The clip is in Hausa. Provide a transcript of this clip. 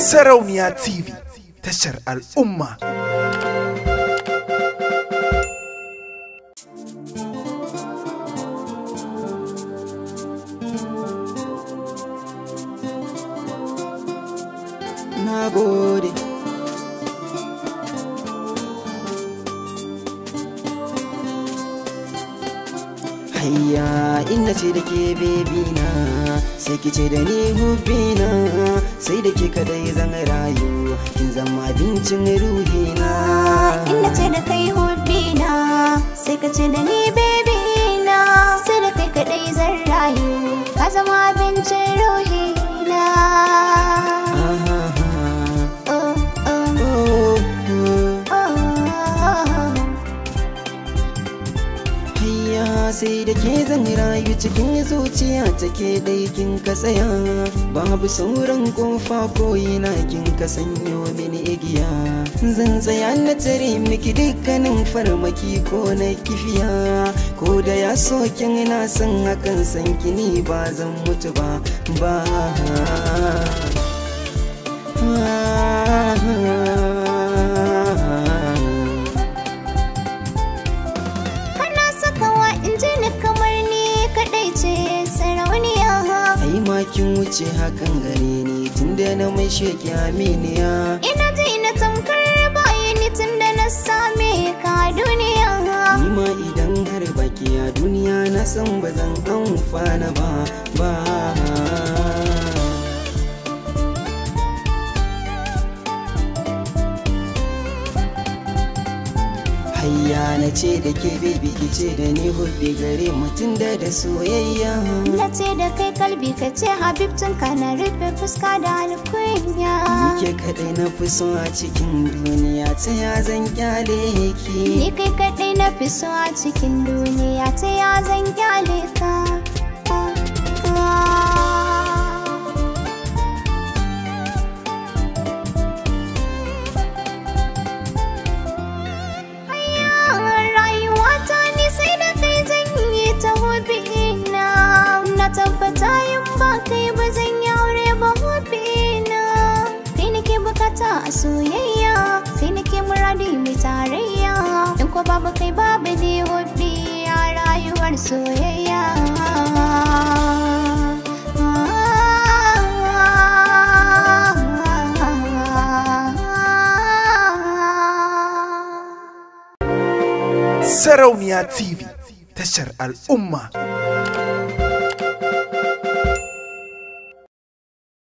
Sarauniya TV tashar al'umma. Na gode. hayya ina ce da ke bebi sai ki ce da ni hubina sai da ke kadai zan rayu kin zama abincin ruhina. inna ce da kai hubina sai ka ce da ni sai da ke zan rayu cikin zuciya take dai kin ka tsaya babu sauran kofa koyina kin ka sanyo mini igiya zan tsaya na tare miki dukkanin farmaki ko na kifiya ko da ya so kin na san hakan san kini ba zan mutu ba ba ah. ma kin wuce hakan gare ni tun da na mai sheki aminiya ina ji na tamkar bayani tun da na same ka duniya ni ma idan har baki a duniya na san ba zan amfana ba ba hayya na ce da ke bibi ki ce da ni hubbi gare mutum da da soyayya na ce da kai kalbi ka ce habib tun ka na rufe fuska da alkunya ke kadai na fi so a cikin duniya ta ya zan kyale ki ni kai kadai na fi so a cikin duniya ta ya zan kyale tabbata yin ba kai ba zan yi aure ba mafina kai nake bukata a soyayya kai nake muradi mai tarayya in ko babu kai babu ne hobi a rayuwar soyayya Sarauniya TV tashar al'umma.